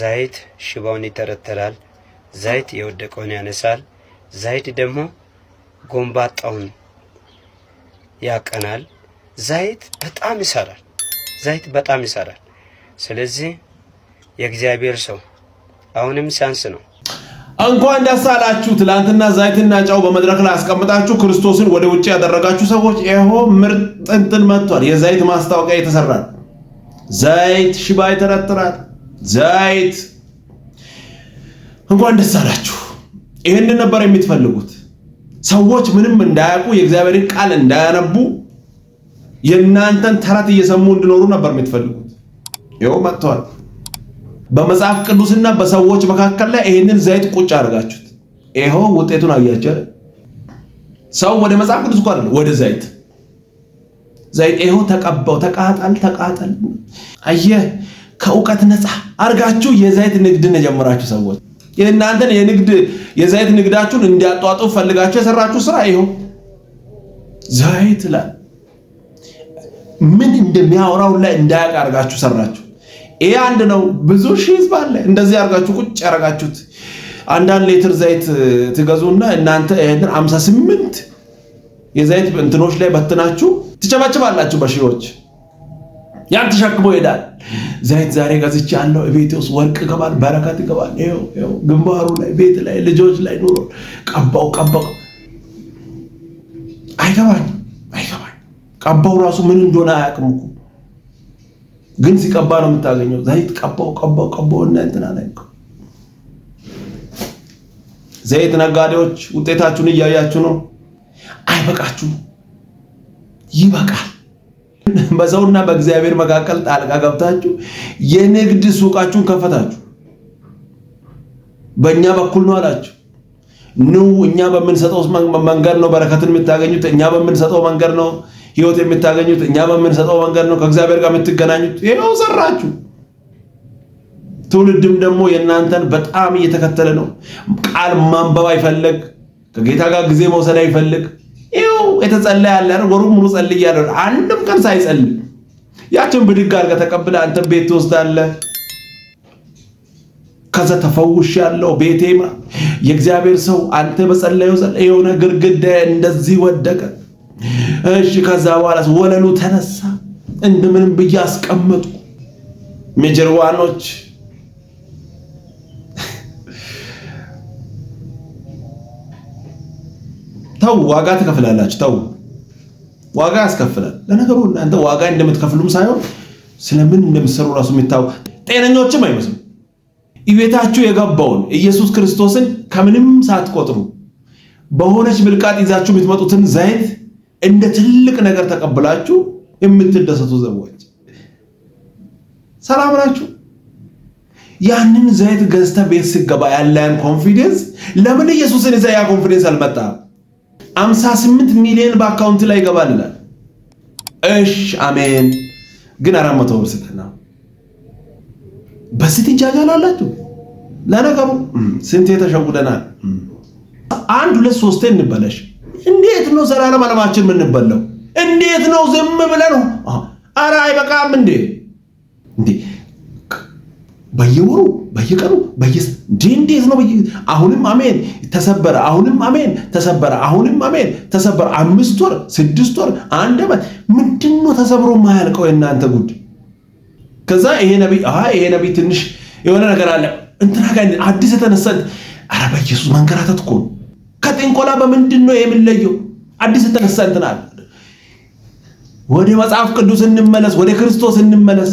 ዘይት ሽባውን ይተረተራል። ዘይት የወደቀውን ያነሳል። ዘይት ደግሞ ጎንባጣውን ያቀናል። ዘይት በጣም ይሰራል። ዘይት በጣም ይሰራል። ስለዚህ የእግዚአብሔር ሰው አሁንም ሲያንስ ነው። እንኳን ደስ አላችሁ። ትላንትና ዘይትና ጨው በመድረክ ላይ አስቀምጣችሁ ክርስቶስን ወደ ውጭ ያደረጋችሁ ሰዎች ይኸው ምርጥ እንትን መጥቷል። የዘይት ማስታወቂያ የተሰራ ዘይት ሽባ ይተረትራል። ዘይት እንኳን ደስ አላችሁ። ይህንን ነበር የምትፈልጉት። ሰዎች ምንም እንዳያውቁ የእግዚአብሔርን ቃል እንዳያነቡ የእናንተን ተረት እየሰሙ እንዲኖሩ ነበር የምትፈልጉት። ይኸው መጥተዋል። በመጽሐፍ ቅዱስና በሰዎች መካከል ላይ ይህንን ዘይት ቁጭ አድርጋችሁት፣ ይኸው ውጤቱን አያቸው። ሰው ወደ መጽሐፍ ቅዱስ እኮ አይደለም ወደ ዘይት ዘይት፣ ይኸው ተቀባው፣ ተቃጠል፣ ተቃጠል አየህ ከእውቀት ነፃ አርጋችሁ የዘይት ንግድን የጀመራችሁ ሰዎች የእናንተን የንግድ የዘይት ንግዳችሁን እንዲያጧጡፍ ፈልጋችሁ የሰራችሁ ስራ ይሁን ዘይት ላይ ምን እንደሚያወራው ላይ እንዳያውቅ አርጋችሁ ሰራችሁ። ይሄ አንድ ነው። ብዙ ሺህ ህዝብ አለ እንደዚህ አርጋችሁ ቁጭ ያረጋችሁት። አንዳንድ ሌትር ዘይት ትገዙና እናንተ ይሄንን 58 የዘይት እንትኖች ላይ በትናችሁ ትጨበጭባላችሁ በሺዎች ያን ተሸክሞ ይሄዳል። ዘይት ዛሬ ገዝቻለሁ፣ ቤት ውስጥ ወርቅ ይገባል፣ በረከት ይገባል። ግንባሩ ላይ፣ ቤት ላይ፣ ልጆች ላይ ኑሮ ቀባው ቀባው። አይገባኝ አይገባኝ። ቀባው ራሱ ምን እንደሆነ አያውቅም እኮ ግን ሲቀባ ነው የምታገኘው። ዘይት ቀባው ቀባው ቀባው እና እንትና ላይ ዘይት ነጋዴዎች ውጤታችሁን እያያችሁ ነው። አይበቃችሁ፣ ይበቃል በሰውና በእግዚአብሔር መካከል ጣልቃ ገብታችሁ የንግድ ሱቃችሁን ከፈታችሁ። በእኛ በኩል ነው አላችሁ። ኑ እኛ በምንሰጠው መንገድ ነው በረከትን የምታገኙት፣ እኛ በምንሰጠው መንገድ ነው ህይወት የምታገኙት፣ እኛ በምንሰጠው መንገድ ነው ከእግዚአብሔር ጋር የምትገናኙት። ይኸው ሰራችሁ። ትውልድም ደግሞ የእናንተን በጣም እየተከተለ ነው። ቃል ማንበብ አይፈልግ፣ ከጌታ ጋር ጊዜ መውሰድ አይፈልግ። ነው የተጸለ ያለ ወሩ ሙሉ ጸልይ ያለ አንድም ቀን ሳይጸልይ ያችን ብድግ አድርገህ ተቀብለህ አንተ ቤት ትወስዳለህ። ከዛ ተፈውሽ ያለው ቤቴ የእግዚአብሔር ሰው አንተ በጸለየው ጸለይ የሆነ ግድግዳ እንደዚህ ወደቀ። እሺ፣ ከዛ በኋላ ወለሉ ተነሳ። እንደምንም ብዬ አስቀመጡ ሜጀር ዋኖች ተው ዋጋ ትከፍላላችሁ። ተው ዋጋ ያስከፍላል። ለነገሩ እናንተ ዋጋ እንደምትከፍሉም ሳይሆን ስለምን እንደምትሰሩ ራሱ የሚታው ጤነኞችም አይመስሉም። እቤታችሁ የገባውን ኢየሱስ ክርስቶስን ከምንም ሳትቆጥሩ በሆነች ብልቃጥ ይዛችሁ የምትመጡትን ዘይት እንደ ትልቅ ነገር ተቀብላችሁ የምትደሰቱ ሰዎች ሰላም ናችሁ። ያንን ዘይት ገዝተ ቤት ስገባ ያለን ኮንፊደንስ ለምን ኢየሱስን ይዘ ያ ኮንፊደንስ አልመጣም? 58 ሚሊዮን በአካውንት ላይ ይገባል ይላል። እሽ አሜን። ግን አራት መቶ ብር ስጠና በስት ይጃጃላላችሁ። ለነገሩ ስንቴ የተሸጉደናል አንድ ሁለት ሶስቴ እንበለሽ። እንዴት ነው ዘላለም አለማችን የምንበለው? እንዴት ነው ዝም ብለን? ኧረ አይበቃም እንዴ እንዴ በየወሩ በየቀኑ እንዴት ነው? አሁንም አሜን ተሰበረ፣ አሁንም አሜን ተሰበረ፣ አሁንም አሜን ተሰበረ። አምስት ወር ስድስት ወር አንድ ዓመት ምንድን ነው ተሰብሮ ማያልቀው የእናንተ ጉድ። ከዛ ይሄ ነቢይ ይሄ ነቢይ ትንሽ የሆነ ነገር አለ እንትና ጋር አዲስ የተነሳ ኧረ በኢየሱስ መንከራተት እኮ ነው ከጥንቆላ በምንድን ነው የምንለየው? አዲስ የተነሳ እንትና ወደ መጽሐፍ ቅዱስ እንመለስ፣ ወደ ክርስቶስ እንመለስ።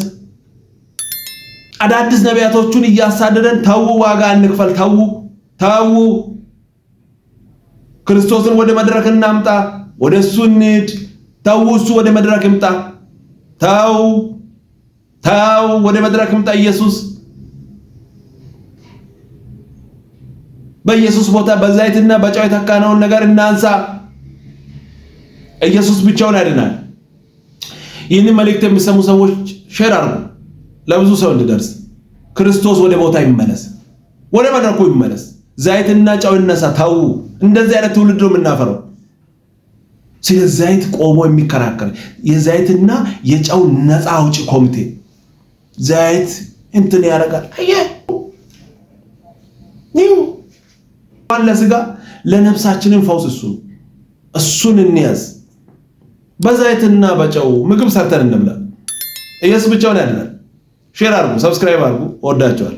አዳዲስ ነቢያቶቹን እያሳደደን ተዉ፣ ዋጋ እንክፈል፣ ተዉ ተዉ፣ ክርስቶስን ወደ መድረክ እናምጣ፣ ወደ እሱ እንሂድ፣ ተዉ፣ እሱ ወደ መድረክ ይምጣ፣ ተው ተው፣ ወደ መድረክ ይምጣ ኢየሱስ። በኢየሱስ ቦታ በዘይትና በጨው የተካነውን ነገር እናንሳ። ኢየሱስ ብቻውን ያድናል። ይህንን መልእክት የሚሰሙ ሰዎች ሼር አድርጉ ለብዙ ሰው እንዲደርስ። ክርስቶስ ወደ ቦታ ይመለስ፣ ወደ መድረኩ ይመለስ። ዘይትና ጨው ይነሳ። ተው፣ እንደዚህ አይነት ትውልድ ነው የምናፈረው። ስለ ዘይት ቆሞ የሚከራከር የዘይትና የጨው ነፃ አውጪ ኮሚቴ ዘይት እንትን ያደርጋል። አየ ለስጋ ለነፍሳችንን ፈውስ እሱ እሱን እንያዝ። በዘይትና በጨው ምግብ ሰርተን እንብላ። ኢየሱስ ብቻውን ያድናል። ሼር አድርጉ፣ ሰብስክራይብ አድርጉ። እወዳቸዋል።